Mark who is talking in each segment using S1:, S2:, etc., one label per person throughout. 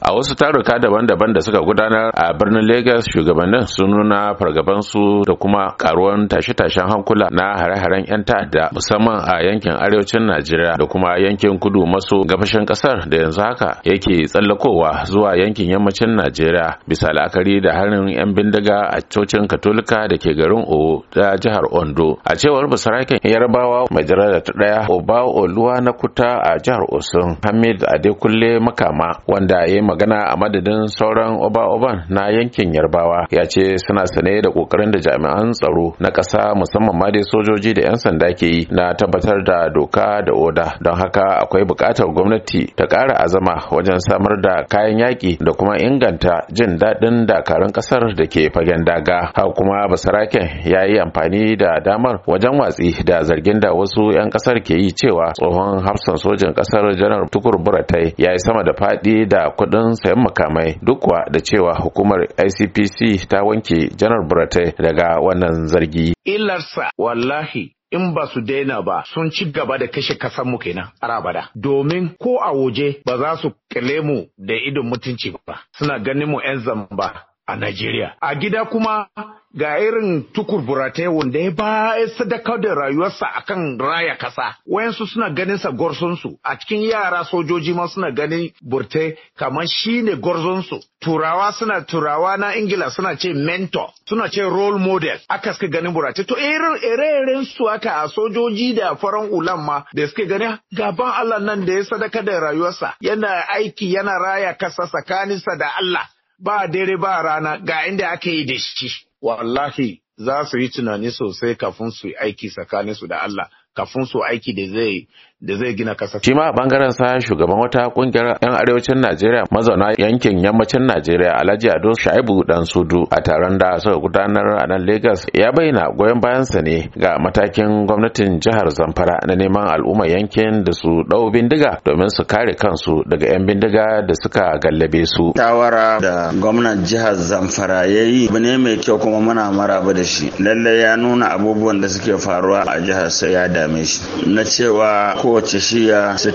S1: a wasu taruka daban-daban da suka gudanar a birnin lagos shugabannin sun nuna fargabansu da kuma karuwan tashe-tashen hankula na hare-haren 'yan ta'adda musamman a yankin arewacin najeriya da kuma yankin kudu maso gabashin kasar da yanzu haka yake tsallakowa zuwa yankin yammacin najeriya bisa la'akari da harin 'yan bindiga a cocin katolika da ke garin owo da jihar ondo a cewar basaraken yarbawa mai da ta daya oba oluwa na kuta a jihar osun hamid adekunle makama wanda ya magana a madadin sauran oba-oban na yankin yarbawa ya ce suna sane da kokarin da jami'an tsaro na ƙasa musamman ma dai sojoji da 'yan sanda ke yi na tabbatar da doka da oda don haka akwai buƙatar gwamnati ta ƙara azama wajen samar da kayan yaƙi da kuma inganta jin daɗin dakarun ƙasar da ke fagen daga haka kuma basaraken ya yi amfani da damar wajen watsi da zargin da wasu 'yan ƙasar ke yi cewa tsohon hafsan sojin ƙasar janar tukur buratai ya yi sama da faɗi da kuɗin don sayan makamai duk kuwa da cewa hukumar ICPC ta wanke janar Buratai daga wannan zargi.
S2: Illarsa wallahi in ba su daina ba sun ci gaba da kashe kasan mu kenan arabada domin ko a waje ba za su kile mu da idon mutunci ba suna ganin mu 'yan zamba a Najeriya a gida kuma ga irin tukur buratai wanda ya ba sadaka da rayuwarsa akan raya kasa wayansu suna ganin sa gorsonsu a cikin yara sojoji ma suna ganin burte kamar shine gorsonsu turawa suna turawa na ingila suna ce mentor suna ce role model aka suka ganin buratai to ire-iren su aka a sojoji da faran ulan ma da suke gani gaban Allah nan da ya sadaka da rayuwarsa yana aiki yana raya kasa tsakaninsa da Allah ba dare ba rana ga inda aka yi da shi wallahi za su yi tunani sosai kafin su yi aiki tsakaninsu da Allah kafin su aiki da zai da zai gina kasa shi
S1: a bangaren sa shugaban wata kungiyar yan arewacin Najeriya mazauna yankin yammacin Najeriya Alhaji Ado Shaibu Dan Sudu a taron da suka gudanar a nan Lagos ya bayyana goyon bayansa ne ga matakin gwamnatin jihar Zamfara na neman al'umma yankin da su dau bindiga domin su kare kansu daga yan bindiga da suka gallabe su tawara da gwamnan jihar Zamfara yayi ne mai kyau kuma muna maraba da shi lallai ya nuna abubuwan da suke faruwa a jihar sai ya dame shi na cewa kowace shiya su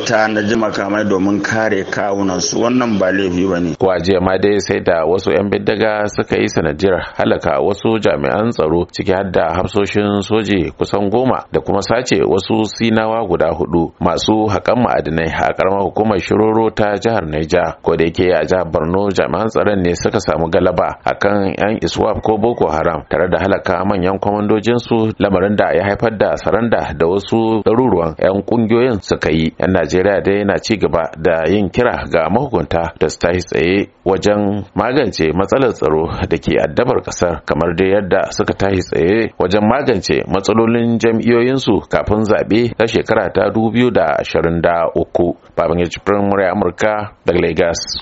S1: ji makamai domin kare kawunansu wannan ba laifi ba ne. jiya ma dai sai da wasu 'yan bindiga suka yi sanadiyar halaka wasu jami'an tsaro ciki har da hafsoshin soji kusan goma da kuma sace wasu sinawa guda hudu masu haƙan ma'adinai a ƙaramar hukumar shiroro ta jihar Naija. Ko da yake a jihar Borno jami'an tsaron ne suka samu galaba akan 'yan iswap ko Boko Haram tare da halaka manyan kwamandojinsu lamarin da ya haifar da saranda da wasu ɗaruruwan 'yan ƙungiyoyi kungiyoyin suka yi yan najeriya dai yana ci gaba da yin kira ga mahukunta da su tashi tsaye wajen magance matsalar tsaro da ke addabar kasar kamar dai yadda suka tashi tsaye wajen magance matsalolin jam'iyoyinsu kafin zaɓe na shekara
S2: ta 2023 uku, firin murya amurka daga lagos